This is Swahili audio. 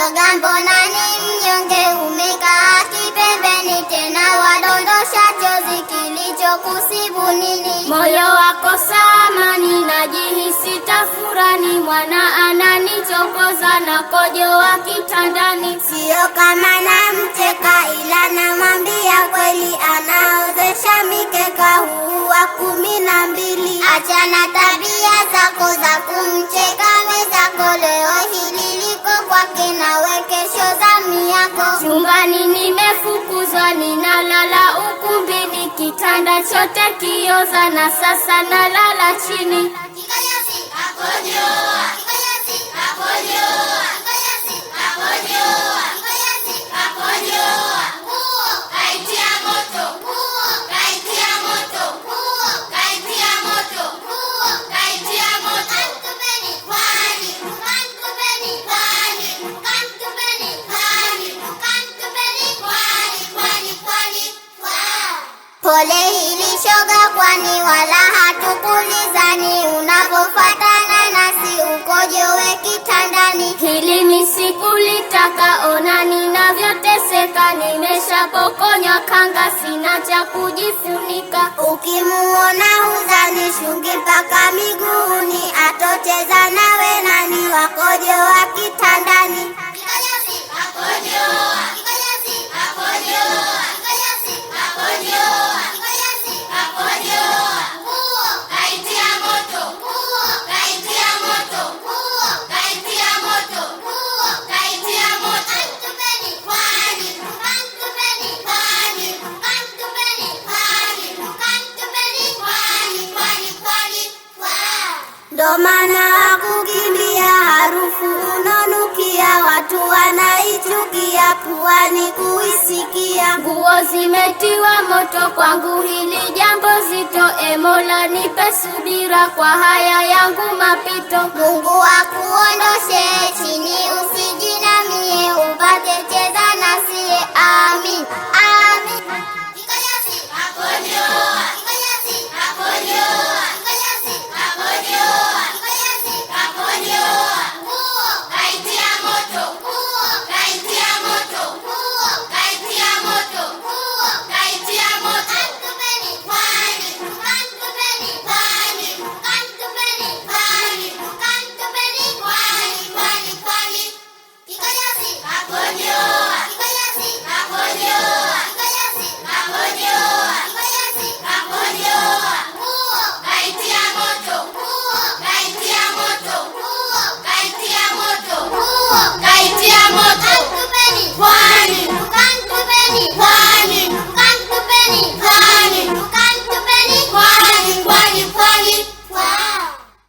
Jogambo nani mnyonge umekaa kipembeni tena wadondosha chozi kilichokusibu nini? Moyo wako samani najihisi tafurani mwana ananichokoza na wa kitandani sio kama namcheka ila namwambia kweli anaozesha mikeka huu wa kumi na mbili achana tabia zako za kumcheka mwenzako leo hii wake na kesho zamu yako. Chumbani nimefukuzwa, ninalala ukumbini, kitanda chote kioza, na sasa nalala chini. pole hili kwani wala hatukulizani. unavofatana nasi ukojowe kitandani, hili ni misikulitaka. Ona ninavyoteseka, nimeshapokonya kanga, sina cha kujifunika. Ukimuona huzani, shungi mpaka miguuni, atocheza ndo maana kukimbia harufu unonukia, watu wanaichukia, puani kuisikia. Nguo zimetiwa moto, kwangu hili jambo zito. emola Mola, nipe subira kwa haya yangu mapito. Mungu wakuondoshe chini, usijinamie upate cheza